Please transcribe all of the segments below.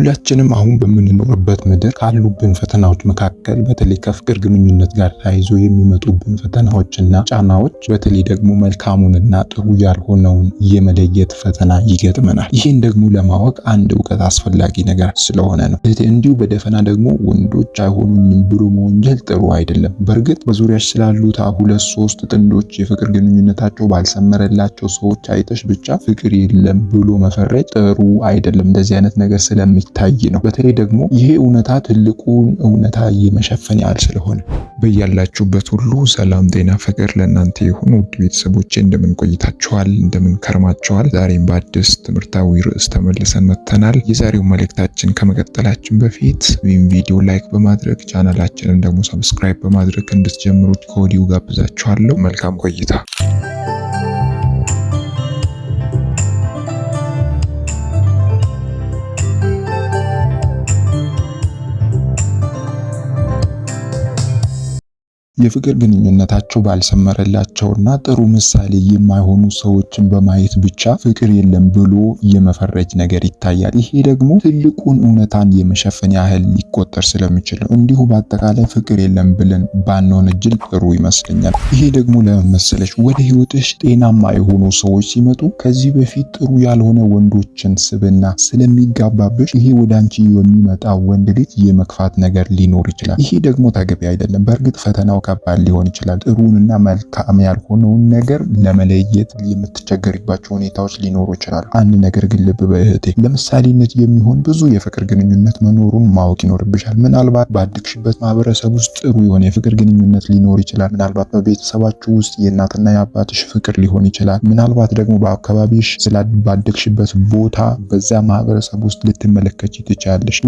ሁላችንም አሁን በምንኖርበት ምድር ካሉብን ፈተናዎች መካከል በተለይ ከፍቅር ግንኙነት ጋር ተያይዞ የሚመጡብን ፈተናዎችና ጫናዎች በተለይ ደግሞ መልካሙንና ጥሩ ያልሆነውን የመለየት ፈተና ይገጥመናል። ይህን ደግሞ ለማወቅ አንድ እውቀት አስፈላጊ ነገር ስለሆነ ነው። እንዲሁ በደፈና ደግሞ ወንዶች አይሆኑኝም ብሎ መወንጀል ጥሩ አይደለም። በእርግጥ በዙሪያሽ ስላሉት ሁለት ሶስት ጥንዶች የፍቅር ግንኙነታቸው ባልሰመረላቸው ሰዎች አይተሽ ብቻ ፍቅር የለም ብሎ መፈረጅ ጥሩ አይደለም። እንደዚህ አይነት ነገር ስለሚ የሚታይ ነው። በተለይ ደግሞ ይሄ እውነታ ትልቁን እውነታ እየመሸፈን ያህል ስለሆነ በያላችሁበት ሁሉ ሰላም፣ ጤና፣ ፍቅር ለእናንተ የሆኑ ውድ ቤተሰቦቼ እንደምን ቆይታችኋል? እንደምን ከርማችኋል? ዛሬም በአዲስ ትምህርታዊ ርዕስ ተመልሰን መጥተናል። የዛሬው መልእክታችን ከመቀጠላችን በፊት ወይም ቪዲዮ ላይክ በማድረግ ቻናላችንን ደግሞ ሰብስክራይብ በማድረግ እንድትጀምሩት ከወዲሁ ጋብዛችኋለሁ። መልካም ቆይታ የፍቅር ግንኙነታቸው ባልሰመረላቸውና ጥሩ ምሳሌ የማይሆኑ ሰዎችን በማየት ብቻ ፍቅር የለም ብሎ የመፈረጅ ነገር ይታያል። ይሄ ደግሞ ትልቁን እውነታን የመሸፈን ያህል ሊቆጠር ስለሚችል ነው። እንዲሁ በአጠቃላይ ፍቅር የለም ብለን ባንሆን እጅል ጥሩ ይመስለኛል። ይሄ ደግሞ ለመመሰለች ወደ ህይወትሽ ጤናማ የሆኑ ሰዎች ሲመጡ ከዚህ በፊት ጥሩ ያልሆነ ወንዶችን ስብና ስለሚጋባብሽ ይሄ ወደ አንቺ የሚመጣ ወንድ ልጅ የመክፋት ነገር ሊኖር ይችላል። ይሄ ደግሞ ተገቢ አይደለም። በእርግጥ ፈተናው ከባድ ሊሆን ይችላል። ጥሩንና መልካም ያልሆነውን ነገር ለመለየት የምትቸገርባቸው ሁኔታዎች ሊኖሩ ይችላሉ። አንድ ነገር ግን ልብ በእህቴ ለምሳሌነት የሚሆን ብዙ የፍቅር ግንኙነት መኖሩን ማወቅ ይኖርብሻል። ምናልባት ባደግሽበት ማህበረሰብ ውስጥ ጥሩ የሆነ የፍቅር ግንኙነት ሊኖር ይችላል። ምናልባት በቤተሰባችሁ ውስጥ የእናትና የአባትሽ ፍቅር ሊሆን ይችላል። ምናልባት ደግሞ በአካባቢሽ ስላባደግሽበት ቦታ በዛ ማህበረሰብ ውስጥ ልትመለከች ትችላለሽ።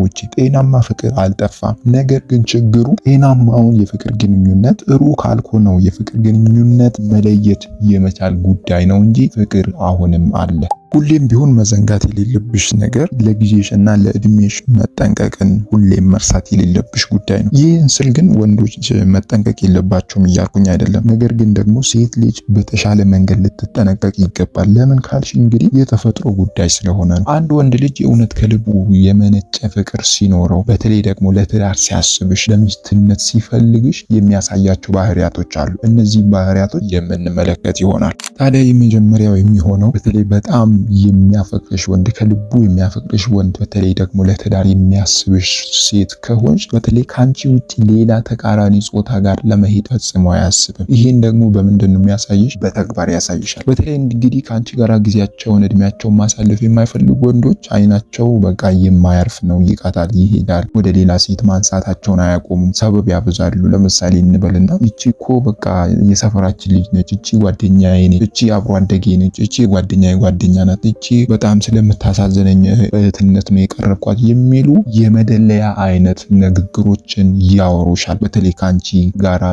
ውድ ጤናማ ፍቅር አልጠፋም። ነገር ግን ችግሩ ጤናማውን የፍቅር ግንኙነት ጥሩ ካልሆነው የፍቅር ግንኙነት መለየት የመቻል ጉዳይ ነው እንጂ ፍቅር አሁንም አለ። ሁሌም ቢሆን መዘንጋት የሌለብሽ ነገር ለጊዜሽ እና ለእድሜሽ መጠንቀቅን ሁሌም መርሳት የሌለብሽ ጉዳይ ነው። ይህን ስል ግን ወንዶች መጠንቀቅ የለባቸውም እያልኩኝ አይደለም። ነገር ግን ደግሞ ሴት ልጅ በተሻለ መንገድ ልትጠነቀቅ ይገባል። ለምን ካልሽ እንግዲህ የተፈጥሮ ጉዳይ ስለሆነ ነው። አንድ ወንድ ልጅ የእውነት ከልቡ የመነጨ ፍቅር ሲኖረው፣ በተለይ ደግሞ ለትዳር ሲያስብሽ፣ ለሚስትነት ሲፈልግሽ የሚያሳያቸው ባህሪያቶች አሉ። እነዚህ ባህሪያቶች የምንመለከት ይሆናል። ታዲያ የመጀመሪያው የሚሆነው በተለይ በጣም የሚያፈቅርሽ ወንድ ከልቡ የሚያፈቅርሽ ወንድ በተለይ ደግሞ ለትዳር የሚያስብሽ ሴት ከሆንሽ በተለይ ከአንቺ ውጭ ሌላ ተቃራኒ ጾታ ጋር ለመሄድ ፈጽሞ አያስብም። ይህን ደግሞ በምንድን ነው የሚያሳይሽ? በተግባር ያሳይሻል። በተለይ እንግዲህ ከአንቺ ጋር ጊዜያቸውን እድሜያቸውን ማሳለፍ የማይፈልጉ ወንዶች አይናቸው በቃ የማያርፍ ነው፣ ይቃታል፣ ይሄዳል። ወደ ሌላ ሴት ማንሳታቸውን አያቆሙም፣ ሰበብ ያበዛሉ። ለምሳሌ እንበልና እቺ እኮ በቃ የሰፈራችን ልጅ ነች፣ እቺ ጓደኛዬ ነች፣ እቺ አብሮ አደጌ ነች፣ እቺ የጓደኛዬ ጓደኛ ናት እቺ በጣም ስለምታሳዝነኝ እህትነት ነው የቀረብኳት የሚሉ የመደለያ አይነት ንግግሮችን ያወሩሻል። በተለይ ከአንቺ ጋራ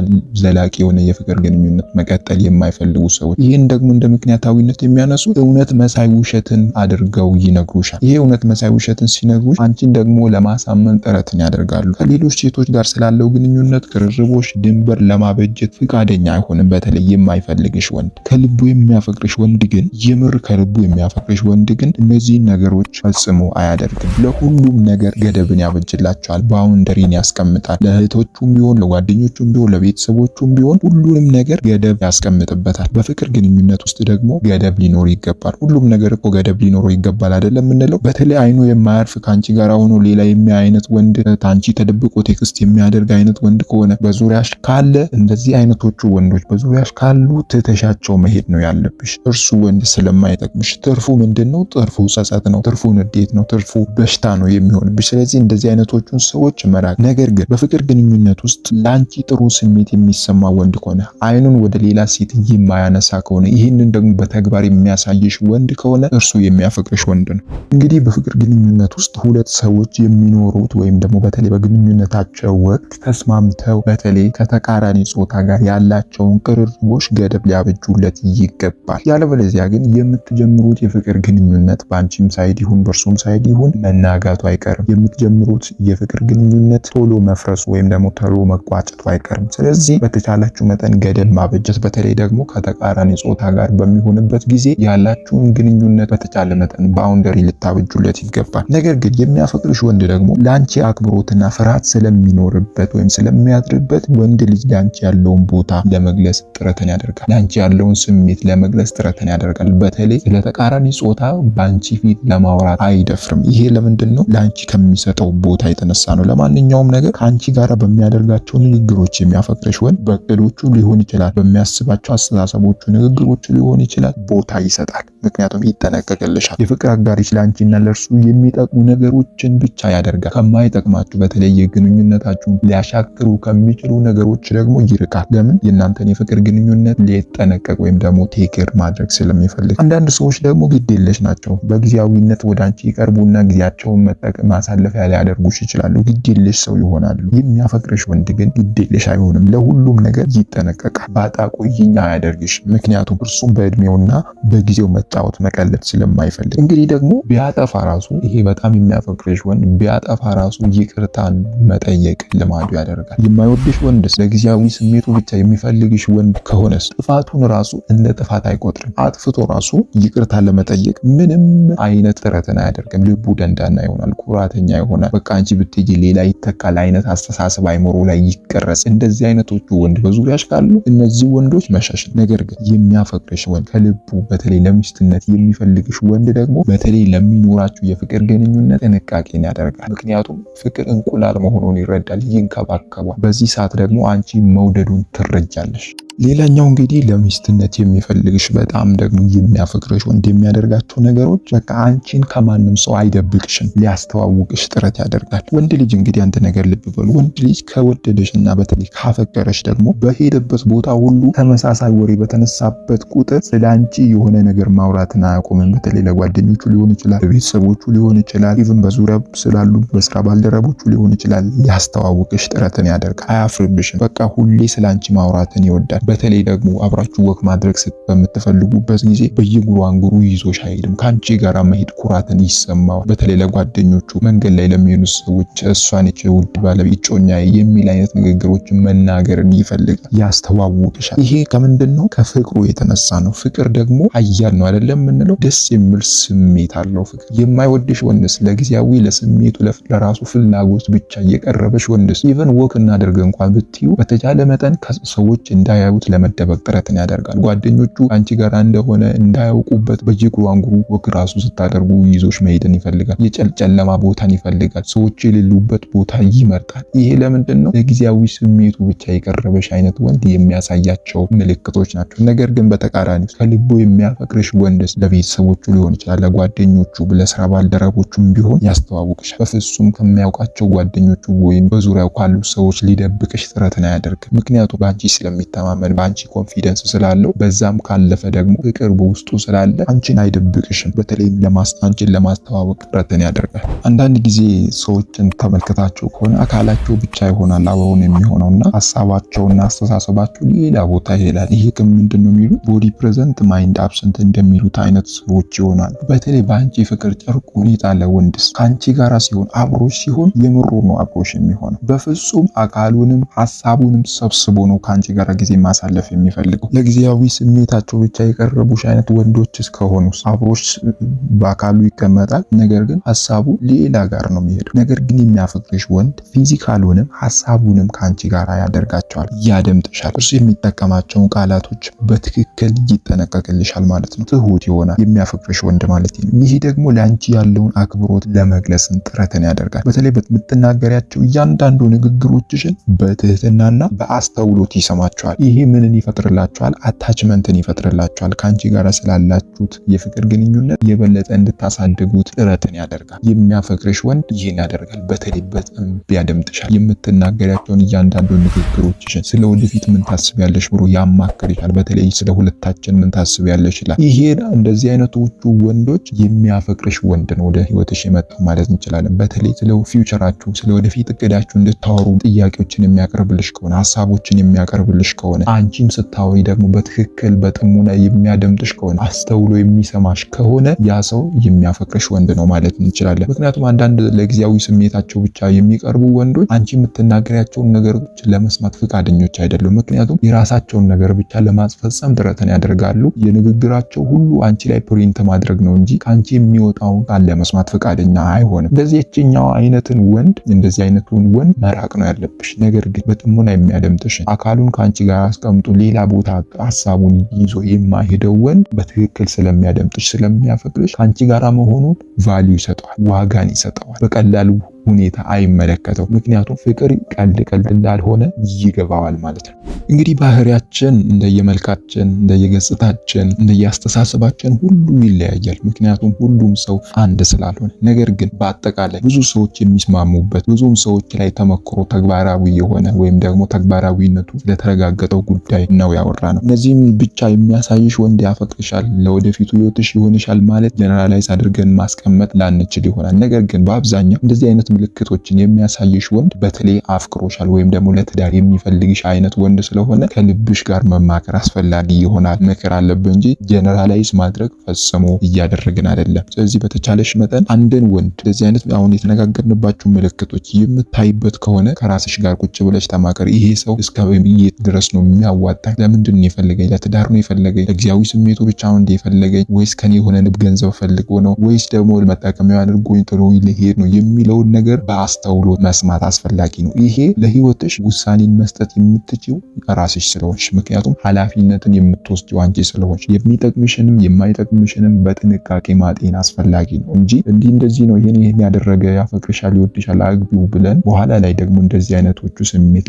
ዘላቂ የሆነ የፍቅር ግንኙነት መቀጠል የማይፈልጉ ሰዎች ይህን ደግሞ እንደ ምክንያታዊነት የሚያነሱ እውነት መሳይ ውሸትን አድርገው ይነግሩሻል። ይሄ እውነት መሳይ ውሸትን ሲነግሩ አንቺን ደግሞ ለማሳመን ጥረትን ያደርጋሉ። ከሌሎች ሴቶች ጋር ስላለው ግንኙነት ቅርርቦች ድንበር ለማበጀት ፍቃደኛ አይሆንም። በተለይ የማይፈልግሽ ወንድ ከልቡ የሚያፈቅርሽ ወንድ ግን የምር ከልቡ የሚያ የሚያፈቅርሽ ወንድ ግን እነዚህን ነገሮች ፈጽሞ አያደርግም። ለሁሉም ነገር ገደብን ያበጅላቸዋል፣ ባውንደሪን ያስቀምጣል። ለእህቶቹም ቢሆን ለጓደኞቹም ቢሆን ለቤተሰቦቹም ቢሆን ሁሉንም ነገር ገደብ ያስቀምጥበታል። በፍቅር ግንኙነት ውስጥ ደግሞ ገደብ ሊኖር ይገባል። ሁሉም ነገር እኮ ገደብ ሊኖረው ይገባል አይደለም የምንለው። በተለይ አይኑ የማያርፍ ከአንቺ ጋር ሆኖ ሌላ የሚያ አይነት ወንድ ታንቺ ተደብቆ ቴክስት የሚያደርግ አይነት ወንድ ከሆነ በዙሪያሽ ካለ እንደዚህ አይነቶቹ ወንዶች በዙሪያሽ ካሉ ትተሻቸው መሄድ ነው ያለብሽ። እርሱ ወንድ ስለማይጠቅምሽ፣ ትርፉ ምንድን ነው? ትርፉ ጸጸት ነው፣ ትርፉ ንዴት ነው፣ ትርፉ በሽታ ነው የሚሆንብሽ። ስለዚህ እንደዚህ አይነቶቹን ሰዎች መራቅ። ነገር ግን በፍቅር ግንኙነት ውስጥ ለአንቺ ጥሩ ስሜት የሚሰማ ወንድ ከሆነ አይኑን ወደ ሌላ ሴት የማያነሳ ከሆነ ይህንን ደግሞ በተግባር የሚያሳይሽ ወንድ ከሆነ እርሱ የሚያፈቅርሽ ወንድ ነው። እንግዲህ በፍቅር ግንኙነት ውስጥ ሁለት ሰዎች የሚኖሩት ወይም ደግሞ በተለይ በግንኙነታቸው ወቅት ተስማምተው በተለይ ከተቃራኒ ጾታ ጋር ያላቸውን ቅርርቦች ገደብ ሊያበጁለት ይገባል። ያለበለዚያ ግን የምትጀምሩት የፍቅር ግንኙነት በአንቺም ሳይድ ይሁን በእርሱም ሳይድ ይሁን መናጋቱ አይቀርም። የምትጀምሩት የፍቅር ግንኙነት ቶሎ መፍረሱ ወይም ደግሞ ቶሎ መቋጨቱ አይቀርም። ስለዚህ በተቻላችሁ መጠን ገደብ ማበጀት፣ በተለይ ደግሞ ከተቃራኒ ጾታ ጋር በሚሆንበት ጊዜ ያላችሁን ግንኙነት በተቻለ መጠን ባውንደሪ ልታበጁለት ይገባል። ነገር ግን የሚያፈቅርሽ ወንድ ደግሞ ለአንቺ አክብሮትና ፍርሃት ስለሚኖርበት ወይም ስለሚያድርበት ወንድ ልጅ ለአንቺ ያለውን ቦታ ለመግለጽ ጥረትን ያደርጋል። ለአንቺ ያለውን ስሜት ለመግለጽ ጥረትን ያደርጋል። በተለይ ስለተቃ ተቃራኒ ጾታ በአንቺ ፊት ለማውራት አይደፍርም። ይሄ ለምንድን ነው? ለአንቺ ከሚሰጠው ቦታ የተነሳ ነው። ለማንኛውም ነገር ከአንቺ ጋር በሚያደርጋቸው ንግግሮች የሚያፈቅርሽ ወንድ በእቅዶቹ ሊሆን ይችላል፣ በሚያስባቸው አስተሳሰቦቹ፣ ንግግሮቹ ሊሆን ይችላል ቦታ ይሰጣል። ምክንያቱም ይጠነቀቅልሻል። የፍቅር አጋሪሽ ለአንቺና ለእርሱ የሚጠቅሙ ነገሮችን ብቻ ያደርጋል። ከማይጠቅማችሁ በተለየ ግንኙነታችሁን ሊያሻክሩ ከሚችሉ ነገሮች ደግሞ ይርቃል። ለምን? የእናንተን የፍቅር ግንኙነት ሊጠነቀቅ ወይም ደግሞ ቴክር ማድረግ ስለሚፈልግ አንዳንድ ሰዎች ደግሞ ደግሞ ግድ የለሽ ናቸው። በጊዜያዊነት ወደ አንቺ ይቀርቡና ጊዜያቸውን መጠቀም ማሳለፊያ ሊያደርጉሽ ይችላሉ። ግድ የለሽ ሰው ይሆናሉ። የሚያፈቅርሽ ወንድ ግን ግድ የለሽ አይሆንም። ለሁሉም ነገር ይጠነቀቃል። ባጣ ቆይኝ አያደርግሽ። ምክንያቱም እርሱም በእድሜውና በጊዜው መጫወት መቀለድ ስለማይፈልግ እንግዲህ ደግሞ ቢያጠፋ ራሱ ይሄ በጣም የሚያፈቅርሽ ወንድ ቢያጠፋ ራሱ ይቅርታን መጠየቅ ልማዱ ያደርጋል። የማይወድሽ ወንድስ ለጊዜያዊ ስሜቱ ብቻ የሚፈልግሽ ወንድ ከሆነስ ጥፋቱን ራሱ እንደ ጥፋት አይቆጥርም። አጥፍቶ ራሱ ይቅርታ ለመጠየቅ ምንም አይነት ጥረትን አያደርግም። ልቡ ደንዳና ይሆናል፣ ኩራተኛ ይሆናል። በቃ አንቺ ብትሄጂ ሌላ ይተካል አይነት አስተሳሰብ አይምሮ ላይ ይቀረጽ። እንደዚህ አይነቶቹ ወንድ በዙሪያሽ ካሉ እነዚህ ወንዶች መሸሽ ነገር ግን የሚያፈቅርሽ ወንድ ከልቡ በተለይ ለሚስትነት የሚፈልግሽ ወንድ ደግሞ በተለይ ለሚኖራችሁ የፍቅር ግንኙነት ጥንቃቄን ያደርጋል። ምክንያቱም ፍቅር እንቁላል መሆኑን ይረዳል፣ ይንከባከቧል። በዚህ ሰዓት ደግሞ አንቺ መውደዱን ትረጃለሽ። ሌላኛው እንግዲህ ለሚስትነት የሚፈልግሽ በጣም ደግሞ የሚያፈቅርሽ ወንድ የሚያደርጋቸው ነገሮች በቃ አንቺን ከማንም ሰው አይደብቅሽም፣ ሊያስተዋውቅሽ ጥረት ያደርጋል። ወንድ ልጅ እንግዲህ አንድ ነገር ልብ በሉ፣ ወንድ ልጅ ከወደደሽ እና በተለይ ካፈቀረሽ ደግሞ በሄደበት ቦታ ሁሉ ተመሳሳይ ወሬ በተነሳበት ቁጥር ስለ አንቺ የሆነ ነገር ማውራትን አያቆምም። በተለይ ለጓደኞቹ ሊሆን ይችላል፣ ለቤተሰቦቹ ሊሆን ይችላል፣ ኢቭን በዙሪያ ስላሉ በስራ ባልደረቦቹ ሊሆን ይችላል። ሊያስተዋውቅሽ ጥረትን ያደርጋል፣ አያፍርብሽም። በቃ ሁሌ ስለ አንቺ ማውራትን ይወዳል። በተለይ ደግሞ አብራችሁ ወክ ማድረግ በምትፈልጉበት ጊዜ በየጉሩ አንጉሩ ይዞሽ አይሄድም። ከአንቺ ጋር መሄድ ኩራትን ይሰማዋል። በተለይ ለጓደኞቹ መንገድ ላይ ለሚሆኑ ሰዎች እሷን ች ውድ ባለቤት እጮኛ የሚል አይነት ንግግሮችን መናገርን ይፈልጋል፣ ያስተዋውቅሻል። ይሄ ከምንድን ነው? ከፍቅሩ የተነሳ ነው። ፍቅር ደግሞ አያል ነው አይደለም የምንለው። ደስ የሚል ስሜት አለው ፍቅር። የማይወድሽ ወንድስ ለጊዜያዊ ለስሜቱ ለራሱ ፍላጎት ብቻ የቀረበሽ ወንድስ ኢቨን ወክ እናደርግ እንኳ ብትዩ በተቻለ መጠን ሰዎች እንዳያዩ ፍላጎት ለመደበቅ ጥረትን ያደርጋል። ጓደኞቹ አንቺ ጋር እንደሆነ እንዳያውቁበት በጅግሩ አንጉሩ ወግ ራሱ ስታደርጉ ይዞች መሄድን ይፈልጋል። የጨልጨለማ ቦታን ይፈልጋል። ሰዎች የሌሉበት ቦታ ይመርጣል። ይሄ ለምንድን ነው? ለጊዜያዊ ስሜቱ ብቻ የቀረበሽ አይነት ወንድ የሚያሳያቸው ምልክቶች ናቸው። ነገር ግን በተቃራኒ ከልቦ የሚያፈቅርሽ ወንድስ ለቤተሰቦቹ ሊሆን ይችላል፣ ለጓደኞቹ፣ ለስራ ባልደረቦቹም ቢሆን ያስተዋውቅሻል። በፍጹም ከሚያውቃቸው ጓደኞቹ ወይም በዙሪያው ካሉ ሰዎች ሊደብቅሽ ጥረትን አያደርግም። ምክንያቱም በአንቺ ስለሚተማመን ዘመን በአንቺ ኮንፊደንስ ስላለው በዛም ካለፈ ደግሞ ፍቅር በውስጡ ስላለ አንቺን አይደብቅሽም። በተለይም አንቺን ለማስተዋወቅ ጥረትን ያደርጋል። አንዳንድ ጊዜ ሰዎችን ተመልከታቸው ከሆነ አካላቸው ብቻ ይሆናል የሚሆነው የሚሆነውና ሀሳባቸውና አስተሳሰባቸው ሌላ ቦታ ይሄዳል። ይሄ ግን ምንድን ነው የሚሉ ቦዲ ፕሬዘንት ማይንድ አብሰንት እንደሚሉት አይነት ሰዎች ይሆናሉ። በተለይ በአንቺ ፍቅር ጨርቅ ሁኔታ ለወንድስ ከአንቺ ጋራ ሲሆን አብሮች ሲሆን የምሮ ነው አብሮሽ የሚሆነው በፍጹም አካሉንም ሀሳቡንም ሰብስቦ ነው ከአንቺ ጋራ ጊዜ ማሳለፍ የሚፈልገው ለጊዜያዊ ስሜታቸው ብቻ የቀረቡሽ አይነት ወንዶች እስከሆኑ አብሮሽ በአካሉ ይቀመጣል፣ ነገር ግን ሀሳቡ ሌላ ጋር ነው የሚሄደው። ነገር ግን የሚያፈቅርሽ ወንድ ፊዚካሉንም ሀሳቡንም ከአንቺ ጋር ያደርጋቸዋል፣ ያደምጥሻል። እርሱ የሚጠቀማቸውን ቃላቶች በትክክል ይጠነቀቅልሻል ማለት ነው። ትሁት ይሆናል የሚያፈቅርሽ ወንድ ማለት ነው። ይህ ደግሞ ለአንቺ ያለውን አክብሮት ለመግለጽን ጥረትን ያደርጋል። በተለይ በምትናገሪያቸው እያንዳንዱ ንግግሮችሽን በትህትናና በአስተውሎት ይሰማቸዋል። ይህ ምንን ይፈጥርላችኋል? አታችመንትን ይፈጥርላችኋል። ከአንቺ ጋር ስላላችሁት የፍቅር ግንኙነት የበለጠ እንድታሳድጉት ጥረትን ያደርጋል። የሚያፈቅርሽ ወንድ ይህን ያደርጋል። በተለይ በጣም ቢያደምጥሻል፣ የምትናገሪያቸውን እያንዳንዱ ንግግሮችሽን፣ ስለ ወደፊት ምን ታስቢያለሽ ብሎ ያማክርሻል። በተለይ ስለ ሁለታችን ምን ታስቢያለሽ ይላል። ይሄ እንደዚህ አይነቶቹ ወንዶች የሚያፈቅርሽ ወንድ ነው ወደ ህይወትሽ የመጣው ማለት እንችላለን። በተለይ ስለ ፊውቸራችሁ፣ ስለ ወደፊት እቅዳችሁ እንድታወሩ ጥያቄዎችን የሚያቀርብልሽ ከሆነ ሀሳቦችን የሚያቀርብልሽ ከሆነ አንቺም ስታወይ ደግሞ በትክክል በጥሙና የሚያደምጥሽ ከሆነ አስተውሎ የሚሰማሽ ከሆነ ያ ሰው የሚያፈቅርሽ ወንድ ነው ማለት እንችላለን። ምክንያቱም አንዳንድ ለጊዜያዊ ስሜታቸው ብቻ የሚቀርቡ ወንዶች አንቺ የምትናገሪያቸውን ነገሮች ለመስማት ፈቃደኞች አይደሉም። ምክንያቱም የራሳቸውን ነገር ብቻ ለማስፈጸም ጥረትን ያደርጋሉ። የንግግራቸው ሁሉ አንቺ ላይ ፕሪንት ማድረግ ነው እንጂ ከአንቺ የሚወጣውን ቃል ለመስማት ፈቃደኛ አይሆንም። እንደዚህ የችኛው አይነትን ወንድ እንደዚህ አይነቱን ወንድ መራቅ ነው ያለብሽ። ነገር ግን በጥሙና የሚያደምጥሽን አካሉን ከአንቺ ጋር አስቀምጡ። ሌላ ቦታ ሀሳቡን ይዞ የማይሄደው ወንድ በትክክል ስለሚያደምጥሽ ስለሚያፈቅርሽ ከአንቺ ጋራ መሆኑን ቫሊዩ ይሰጠዋል፣ ዋጋን ይሰጠዋል። በቀላሉ ሁኔታ አይመለከተው። ምክንያቱም ፍቅር ቀልድ ቀልድ እንዳልሆነ ይገባዋል ማለት ነው። እንግዲህ ባህሪያችን እንደየመልካችን፣ እንደየገጽታችን፣ እንደየአስተሳሰባችን ሁሉም ይለያያል። ምክንያቱም ሁሉም ሰው አንድ ስላልሆነ። ነገር ግን በአጠቃላይ ብዙ ሰዎች የሚስማሙበት ብዙም ሰዎች ላይ ተመክሮ ተግባራዊ የሆነ ወይም ደግሞ ተግባራዊነቱ ስለተረጋገጠው ጉዳይ ነው ያወራ ነው። እነዚህም ብቻ የሚያሳይሽ ወንድ ያፈቅርሻል፣ ለወደፊቱ ህይወትሽ ይሆንሻል ማለት ጀነራላይዝ አድርገን ማስቀመጥ ላንችል ይሆናል። ነገር ግን በአብዛኛው እንደዚህ አይነት ምልክቶችን የሚያሳይሽ ወንድ በተለይ አፍቅሮሻል ወይም ደግሞ ለትዳር የሚፈልግሽ አይነት ወንድ ስለሆነ ከልብሽ ጋር መማከር አስፈላጊ ይሆናል። ምክር አለብን እንጂ ጀነራላይዝ ማድረግ ፈጽሞ እያደረግን አይደለም። ስለዚህ በተቻለሽ መጠን አንድን ወንድ እንደዚህ አይነት አሁን የተነጋገርንባቸው ምልክቶች የምታይበት ከሆነ ከራስሽ ጋር ቁጭ ብለሽ ተማከር። ይሄ ሰው እስከ የት ድረስ ነው የሚያዋጣ ለምንድን ነው የፈለገኝ? ለትዳር ነው የፈለገኝ? ለጊዜያዊ ስሜቱ ብቻ ነው የፈለገኝ? ወይስ ከኔ የሆነ ንብ ገንዘብ ፈልጎ ነው? ወይስ ደግሞ መጠቀሚያ አድርጎኝ ጥሎ ሊሄድ ነው የሚለውን ነገር ነገር በአስተውሎ መስማት አስፈላጊ ነው። ይሄ ለህይወትሽ ውሳኔን መስጠት የምትችው ራስሽ ስለሆንሽ፣ ምክንያቱም ኃላፊነትን የምትወስጂው አንቺ ስለሆንሽ የሚጠቅምሽንም የማይጠቅምሽንም በጥንቃቄ ማጤን አስፈላጊ ነው እንጂ እንዲህ እንደዚህ ነው ይህን ይህን ያደረገ ያፈቅርሻል፣ ይወድሻል፣ አግቢው ብለን በኋላ ላይ ደግሞ እንደዚህ አይነቶቹ ስሜት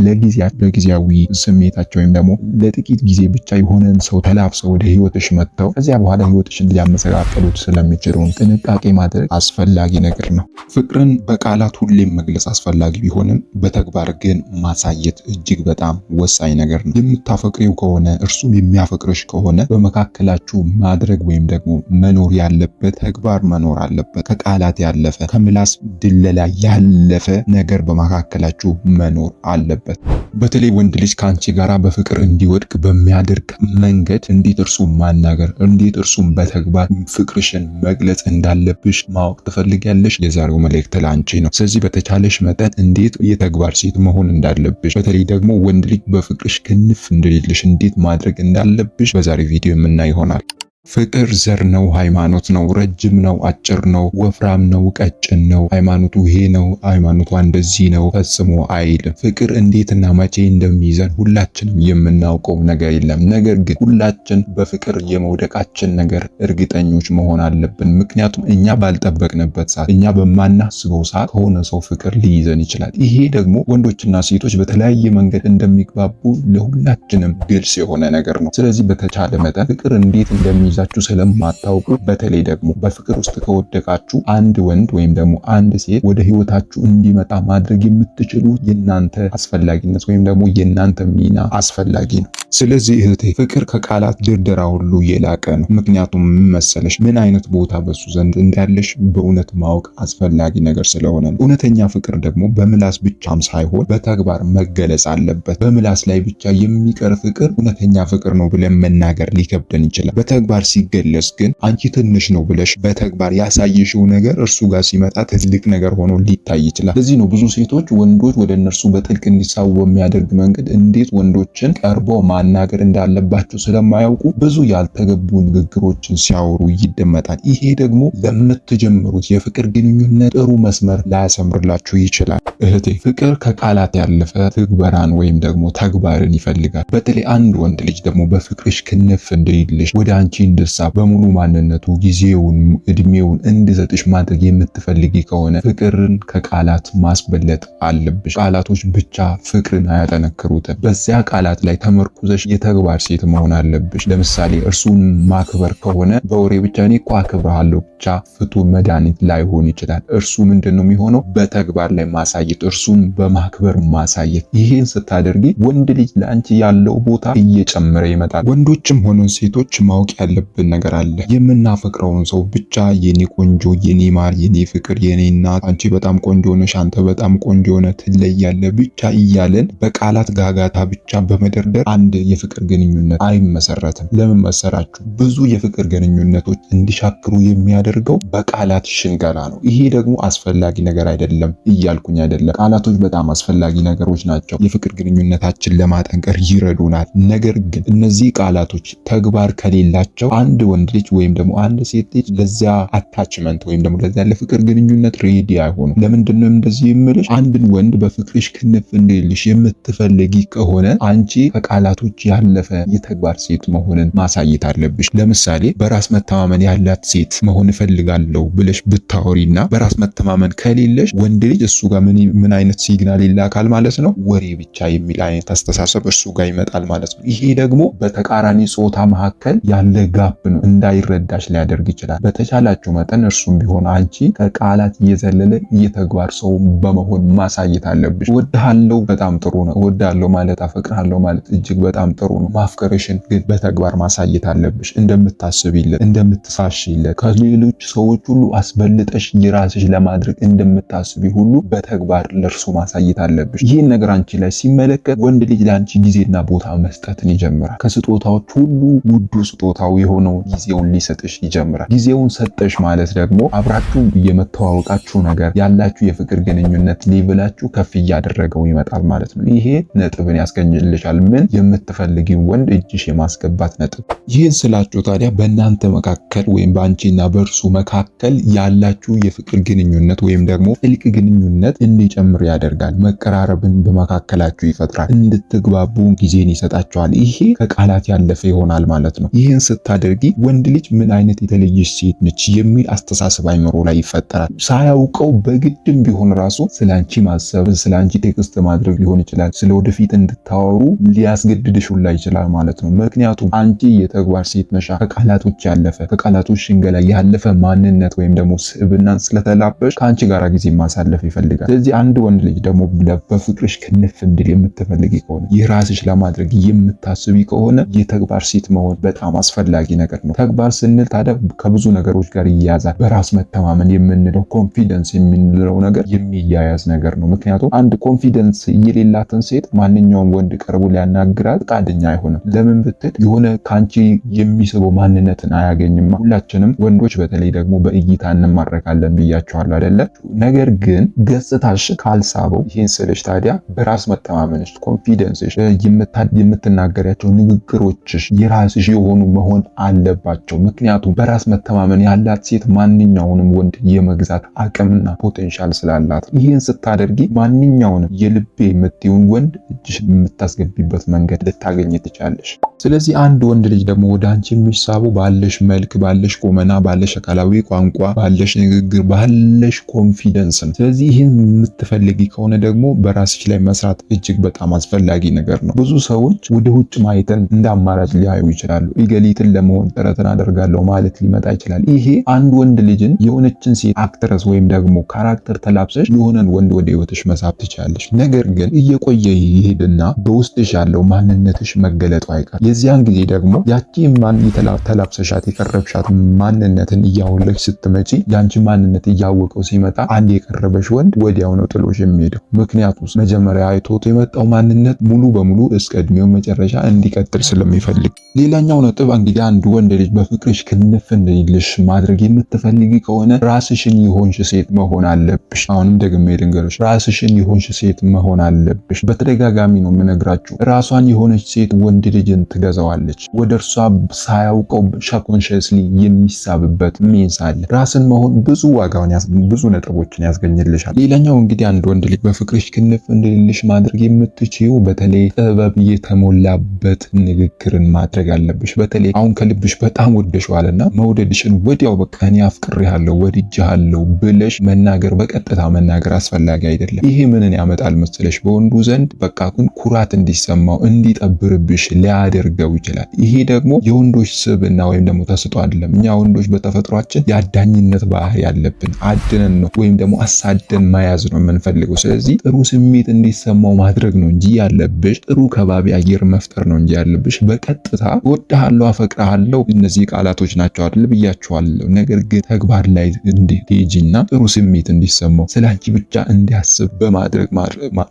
ለጊዜያዊ ስሜታቸው ወይም ደግሞ ለጥቂት ጊዜ ብቻ የሆነን ሰው ተላብሰው ወደ ህይወትሽ መጥተው ከዚያ በኋላ ህይወትሽን ሊያመሰቃቀሉት ስለሚችለውን ጥንቃቄ ማድረግ አስፈላጊ ነገር ነው። ፍቅርን በቃላ ቃላት ሁሌም መግለጽ አስፈላጊ ቢሆንም በተግባር ግን ማሳየት እጅግ በጣም ወሳኝ ነገር ነው። የምታፈቅሪው ከሆነ እርሱም የሚያፈቅርሽ ከሆነ በመካከላችሁ ማድረግ ወይም ደግሞ መኖር ያለበት ተግባር መኖር አለበት። ከቃላት ያለፈ ከምላስ ድለላ ያለፈ ነገር በመካከላችሁ መኖር አለበት። በተለይ ወንድ ልጅ ከአንቺ ጋራ በፍቅር እንዲወድቅ በሚያደርግ መንገድ እንዴት እርሱ ማናገር እንዴት እርሱም በተግባር ፍቅርሽን መግለጽ እንዳለብሽ ማወቅ ትፈልጊያለሽ። የዛሬው መልእክት ለአንቺ ነው። ስለዚህ በተቻለሽ መጠን እንዴት የተግባር ሴት መሆን እንዳለብሽ በተለይ ደግሞ ወንድ ልጅ በፍቅርሽ ክንፍ እንደሌለሽ እንዴት ማድረግ እንዳለብሽ በዛሬ ቪዲዮ የምናይ ይሆናል። ፍቅር ዘር ነው፣ ሃይማኖት ነው። ረጅም ነው፣ አጭር ነው፣ ወፍራም ነው፣ ቀጭን ነው፣ ሃይማኖቱ ይሄ ነው፣ ሃይማኖቷ እንደዚህ ነው ፈጽሞ አይልም። ፍቅር እንዴትና መቼ እንደሚይዘን ሁላችንም የምናውቀው ነገር የለም። ነገር ግን ሁላችን በፍቅር የመውደቃችን ነገር እርግጠኞች መሆን አለብን። ምክንያቱም እኛ ባልጠበቅንበት ሰዓት፣ እኛ በማናስበው ሰዓት ከሆነ ሰው ፍቅር ሊይዘን ይችላል። ይሄ ደግሞ ወንዶችና ሴቶች በተለያየ መንገድ እንደሚግባቡ ለሁላችንም ግልጽ የሆነ ነገር ነው። ስለዚህ በተቻለ መጠን ፍቅር እንዴት እንደሚይዘን ይዛችሁ ስለማታውቁ በተለይ ደግሞ በፍቅር ውስጥ ከወደቃችሁ አንድ ወንድ ወይም ደግሞ አንድ ሴት ወደ ህይወታችሁ እንዲመጣ ማድረግ የምትችሉ የእናንተ አስፈላጊነት ወይም ደግሞ የእናንተ ሚና አስፈላጊ ነው። ስለዚህ እህቴ ፍቅር ከቃላት ድርደራ ሁሉ የላቀ ነው። ምክንያቱም ምን መሰለሽ፣ ምን አይነት ቦታ በሱ ዘንድ እንዳለሽ በእውነት ማወቅ አስፈላጊ ነገር ስለሆነ ነው። እውነተኛ ፍቅር ደግሞ በምላስ ብቻም ሳይሆን በተግባር መገለጽ አለበት። በምላስ ላይ ብቻ የሚቀር ፍቅር እውነተኛ ፍቅር ነው ብለን መናገር ሊከብደን ይችላል። በተግባር በተግባር ሲገለጽ ግን አንቺ ትንሽ ነው ብለሽ በተግባር ያሳየሽው ነገር እርሱ ጋር ሲመጣ ትልቅ ነገር ሆኖ ሊታይ ይችላል። ለዚህ ነው ብዙ ሴቶች ወንዶች ወደ እነርሱ በጥልቅ እንዲሳቡ በሚያደርግ መንገድ እንዴት ወንዶችን ቀርቦ ማናገር እንዳለባቸው ስለማያውቁ ብዙ ያልተገቡ ንግግሮችን ሲያወሩ ይደመጣል። ይሄ ደግሞ ለምትጀምሩት የፍቅር ግንኙነት ጥሩ መስመር ላያሰምርላችሁ ይችላል። እህቴ ፍቅር ከቃላት ያለፈ ትግበራን ወይም ደግሞ ተግባርን ይፈልጋል። በተለይ አንድ ወንድ ልጅ ደግሞ በፍቅርሽ ክንፍ እንደይልሽ ወደ አንቺ እንድሳ በሙሉ ማንነቱ ጊዜውን፣ እድሜውን እንድሰጥሽ ማድረግ የምትፈልጊ ከሆነ ፍቅርን ከቃላት ማስበለጥ አለብሽ። ቃላቶች ብቻ ፍቅርን አያጠነክሩትም። በዚያ ቃላት ላይ ተመርኩዘሽ የተግባር ሴት መሆን አለብሽ። ለምሳሌ እርሱን ማክበር ከሆነ በወሬ ብቻ እኔ እኮ አክብርሃለሁ ብቻ ፍቱ መድኃኒት ላይሆን ይችላል። እርሱ ምንድን ነው የሚሆነው? በተግባር ላይ ማሳየት፣ እርሱን በማክበር ማሳየት። ይህን ስታደርጊ ወንድ ልጅ ለአንቺ ያለው ቦታ እየጨመረ ይመጣል። ወንዶችም ሆነን ሴቶች ማወቅ ያለ ያለብን ነገር አለ። የምናፈቅረውን ሰው ብቻ የኔ ቆንጆ፣ የኔ ማር፣ የኔ ፍቅር፣ የኔ እናት፣ አንቺ በጣም ቆንጆ ነሽ፣ አንተ በጣም ቆንጆ ነህ፣ ትለያለህ ብቻ እያለን በቃላት ጋጋታ ብቻ በመደርደር አንድ የፍቅር ግንኙነት አይመሰረትም። ለምን መሰራችሁ? ብዙ የፍቅር ግንኙነቶች እንዲሻክሩ የሚያደርገው በቃላት ሽንገላ ነው። ይሄ ደግሞ አስፈላጊ ነገር አይደለም እያልኩኝ አይደለም። ቃላቶች በጣም አስፈላጊ ነገሮች ናቸው። የፍቅር ግንኙነታችን ለማጠንቀር ይረዱናል። ነገር ግን እነዚህ ቃላቶች ተግባር ከሌላቸው ሰው አንድ ወንድ ልጅ ወይም ደግሞ አንድ ሴት ልጅ ለዚያ አታችመንት ወይም ደግሞ ለዚያ ለፍቅር ግንኙነት ሬዲ አይሆኑም። ለምንድን ነው እንደዚህ የምልሽ? አንድን ወንድ በፍቅርሽ ክንፍ እንዲልሽ የምትፈልጊ ከሆነ አንቺ ከቃላቶች ያለፈ የተግባር ሴት መሆንን ማሳየት አለብሽ። ለምሳሌ በራስ መተማመን ያላት ሴት መሆን እፈልጋለሁ ብለሽ ብታወሪና በራስ መተማመን ከሌለሽ ወንድ ልጅ እሱ ጋር ምን አይነት ሲግናል ይላካል ማለት ነው? ወሬ ብቻ የሚል አይነት አስተሳሰብ እሱ ጋር ይመጣል ማለት ነው። ይሄ ደግሞ በተቃራኒ ጾታ መካከል ያለ ጋፕ ነው እንዳይረዳሽ ሊያደርግ ይችላል። በተቻላችሁ መጠን እርሱም ቢሆን አንቺ ከቃላት እየዘለለ እየተግባር ሰው በመሆን ማሳየት አለብሽ። እወድሃለሁ በጣም ጥሩ ነው። እወድሃለሁ ማለት አፈቅርሃለሁ ማለት እጅግ በጣም ጥሩ ነው። ማፍቀርሽን ግን በተግባር ማሳየት አለብሽ። እንደምታስብለት፣ እንደምትሳሽለት ከሌሎች ሰዎች ሁሉ አስበልጠሽ የራስሽ ለማድረግ እንደምታስቢ ሁሉ በተግባር ለእርሱ ማሳየት አለብሽ። ይህን ነገር አንቺ ላይ ሲመለከት ወንድ ልጅ ለአንቺ ጊዜና ቦታ መስጠትን ይጀምራል። ከስጦታዎች ሁሉ ውዱ ስጦታው የሆነው ጊዜውን ሊሰጥሽ ይጀምራል። ጊዜውን ሰጠሽ ማለት ደግሞ አብራችሁ የመተዋወቃችሁ ነገር ያላችሁ የፍቅር ግንኙነት ሌቭላችሁ ከፍ እያደረገው ይመጣል ማለት ነው። ይሄ ነጥብን ያስገኝልሻል። ምን የምትፈልጊው ወንድ እጅሽ የማስገባት ነጥብ። ይህን ስላችሁ ታዲያ በእናንተ መካከል ወይም በአንቺና በእርሱ መካከል ያላችሁ የፍቅር ግንኙነት ወይም ደግሞ ጥልቅ ግንኙነት እንዲጨምር ያደርጋል። መቀራረብን በመካከላችሁ ይፈጥራል። እንድትግባቡ ጊዜን ይሰጣችኋል። ይሄ ከቃላት ያለፈ ይሆናል ማለት ነው። ይህን ስታ ስታደርጊ ወንድ ልጅ ምን አይነት የተለየች ሴት ነች የሚል አስተሳሰብ አይምሮ ላይ ይፈጠራል። ሳያውቀው በግድም ቢሆን ራሱ ስለ አንቺ ማሰብ፣ ስለ አንቺ ቴክስት ማድረግ ሊሆን ይችላል፣ ስለ ወደፊት እንድታወሩ ሊያስገድድሽ ሁላ ይችላል ማለት ነው። ምክንያቱም አንቺ የተግባር ሴት ነሻ። ከቃላቶች ያለፈ ከቃላቶች ሽንገላ ያለፈ ማንነት ወይም ደግሞ ስብዕናን ስለተላበሽ ከአንቺ ጋር ጊዜ ማሳለፍ ይፈልጋል። ስለዚህ አንድ ወንድ ልጅ ደግሞ በፍቅርሽ ክንፍ እንድል የምትፈልጊ ከሆነ የራስሽ ለማድረግ የምታስቢ ከሆነ የተግባር ሴት መሆን በጣም አስፈላጊ አስፈላጊ ነገር ነው። ተግባር ስንል ታዲያ ከብዙ ነገሮች ጋር ይያያዛል። በራስ መተማመን የምንለው ኮንፊደንስ የምንለው ነገር የሚያያዝ ነገር ነው። ምክንያቱም አንድ ኮንፊደንስ የሌላትን ሴት ማንኛውም ወንድ ቀርቦ ሊያናግራት ፈቃደኛ አይሆንም። ለምን ብትል የሆነ ከአንቺ የሚስበው ማንነትን አያገኝም። ሁላችንም ወንዶች በተለይ ደግሞ በእይታ እንማረካለን ብያቸዋለሁ አይደለ? ነገር ግን ገጽታሽ ካልሳበው ይህን ስልሽ ታዲያ በራስ መተማመንሽ፣ ኮንፊደንስሽ፣ የምትናገሪያቸው ንግግሮችሽ የራስሽ የሆኑ መሆን አለባቸው። ምክንያቱም በራስ መተማመን ያላት ሴት ማንኛውንም ወንድ የመግዛት አቅምና ፖቴንሻል ስላላት፣ ይህን ስታደርጊ ማንኛውንም የልቤ የምትይውን ወንድ እጅሽ የምታስገቢበት መንገድ ልታገኝ ትቻለሽ። ስለዚህ አንድ ወንድ ልጅ ደግሞ ወደ አንቺ የሚሳቡ ባለሽ መልክ፣ ባለሽ ቁመና፣ ባለሽ አካላዊ ቋንቋ፣ ባለሽ ንግግር፣ ባለሽ ኮንፊደንስ ነው። ስለዚህ ይህን የምትፈልጊ ከሆነ ደግሞ በራስሽ ላይ መስራት እጅግ በጣም አስፈላጊ ነገር ነው። ብዙ ሰዎች ወደ ውጭ ማየትን እንደ አማራጭ ሊያዩ ይችላሉ። ኢገሊትን ለመሆን ጥረትን አደርጋለሁ ማለት ሊመጣ ይችላል። ይሄ አንድ ወንድ ልጅን የሆነችን ሴት አክትረስ ወይም ደግሞ ካራክተር ተላብሰሽ የሆነን ወንድ ወደ ህይወትሽ መሳብ ትችላለሽ። ነገር ግን እየቆየ ይሄድና በውስጥሽ ያለው ማንነትሽ መገለጡ አይቀር። የዚያን ጊዜ ደግሞ ያቺ ማን ተላብሰሻት የቀረብሻት ማንነትን እያወለች ስትመጪ ያንቺ ማንነት እያወቀው ሲመጣ አንድ የቀረበሽ ወንድ ወዲያው ነው ጥሎሽ የሚሄደው። ምክንያቱ መጀመሪያ አይቶት የመጣው ማንነት ሙሉ በሙሉ እስከ እድሜው መጨረሻ እንዲቀጥል ስለሚፈልግ። ሌላኛው ነጥብ እንግዲህ አንድ ወንድ ልጅ በፍቅርሽ ክንፍ እንዲልሽ ማድረግ የምትፈልጊ ከሆነ ራስሽን የሆንሽ ሴት መሆን አለብሽ። አሁንም ደግሜ ልንገርሽ፣ ራስሽን የሆንሽ ሴት መሆን አለብሽ። በተደጋጋሚ ነው የምነግራችሁ። ራሷን የሆነች ሴት ወንድ ልጅን ትገዛዋለች። ወደ እርሷ ሳያውቀው ሰብኮንሽስሊ የሚሳብበት ሜንስ አለ። ራስን መሆን ብዙ ዋጋውን ብዙ ነጥቦችን ያስገኝልሻል። ሌላኛው እንግዲህ አንድ ወንድ ልጅ በፍቅርሽ ክንፍ እንዲልሽ ማድረግ የምትችው በተለይ ጥበብ የተሞላበት ንግግርን ማድረግ አለብሽ። በተለይ አሁን ከልብሽ በጣም ወደሽዋልና መውደድሽን ወዲያው በቃ እኔ አፍቅሬሃለሁ ወድጄሃለሁ ብለሽ መናገር በቀጥታ መናገር አስፈላጊ አይደለም። ይሄ ምንን ያመጣል መሰለሽ? በወንዱ ዘንድ በቃ ግን ኩራት እንዲሰማው እንዲጠብርብሽ ሊያደርገው ይችላል። ይሄ ደግሞ የወንዶች ስብና ወይም ደግሞ ተስጦ አይደለም። እኛ ወንዶች በተፈጥሯችን የአዳኝነት ባህሪ ያለብን አድነን ነው ወይም ደግሞ አሳደን መያዝ ነው የምንፈልገው። ስለዚህ ጥሩ ስሜት እንዲሰማው ማድረግ ነው እንጂ ያለብሽ ጥሩ ከባቢ አየር መፍጠር ነው እንጂ ያለብሽ በቀጥታ ወድሃለሁ አፈቅራ እረዳሃለሁ እነዚህ ቃላቶች ናቸው አይደል ብያቸዋለሁ። ነገር ግን ተግባር ላይ እንዲሄጂና ጥሩ ስሜት እንዲሰማው ስለ ብቻ እንዲያስብ በማድረግ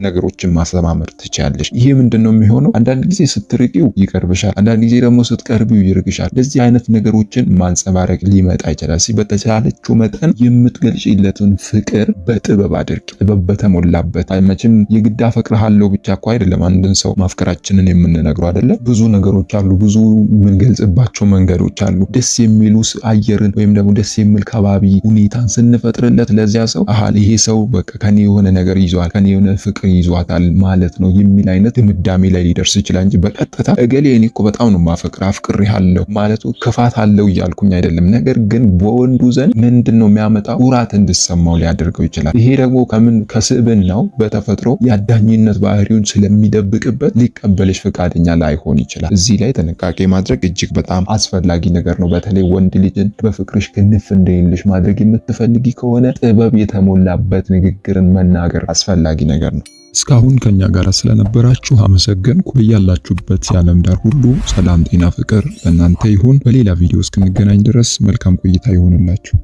ነገሮችን ማሰማመር ትችያለሽ። ይሄ ምንድን ነው የሚሆነው? አንዳንድ ጊዜ ስትርቂው ይቀርብሻል፣ አንዳንድ ጊዜ ደግሞ ስትቀርቢው ይርቅሻል። ለዚህ አይነት ነገሮችን ማንጸባረቅ ሊመጣ ይችላል። ሲ በተቻለችው መጠን የምትገልጪለትን ፍቅር በጥበብ አድርግ፣ ጥበብ በተሞላበት መቼም የግድ አፈቅርሃለሁ ብቻ እኮ አይደለም አንድን ሰው ማፍቀራችንን የምንነግረው አይደለም። ብዙ ነገሮች አሉ፣ ብዙ የምንገልጽባቸው የምንፈጥርባቸው መንገዶች አሉ። ደስ የሚሉ አየርን ወይም ደግሞ ደስ የሚል ከባቢ ሁኔታን ስንፈጥርለት ለዚያ ሰው አሃል ይሄ ሰው በቃ ከኔ የሆነ ነገር ይዟል፣ ከኔ የሆነ ፍቅር ይዟታል ማለት ነው የሚል አይነት ድምዳሜ ላይ ሊደርስ ይችላል እንጂ በቀጥታ እገሌ እኔ እኮ በጣም ነው ማፈቅር ያለው ማለቱ ክፋት አለው እያልኩኝ አይደለም። ነገር ግን በወንዱ ዘንድ ምንድን ነው የሚያመጣው ኩራት እንድሰማው ሊያደርገው ይችላል። ይሄ ደግሞ ከምን ከስብዕናው በተፈጥሮ የአዳኝነት ባህሪውን ስለሚደብቅበት ሊቀበልሽ ፈቃደኛ ላይሆን ይችላል። እዚህ ላይ ጥንቃቄ ማድረግ እጅግ በጣም በጣም አስፈላጊ ነገር ነው። በተለይ ወንድ ልጅን በፍቅርሽ ክንፍ እንደሌለሽ ማድረግ የምትፈልጊ ከሆነ ጥበብ የተሞላበት ንግግርን መናገር አስፈላጊ ነገር ነው። እስካሁን ከኛ ጋር ስለነበራችሁ አመሰገንኩ። በያላችሁበት የዓለም ዳር ሁሉ ሰላም፣ ጤና፣ ፍቅር ለእናንተ ይሁን። በሌላ ቪዲዮ እስክንገናኝ ድረስ መልካም ቆይታ ይሆንላችሁ።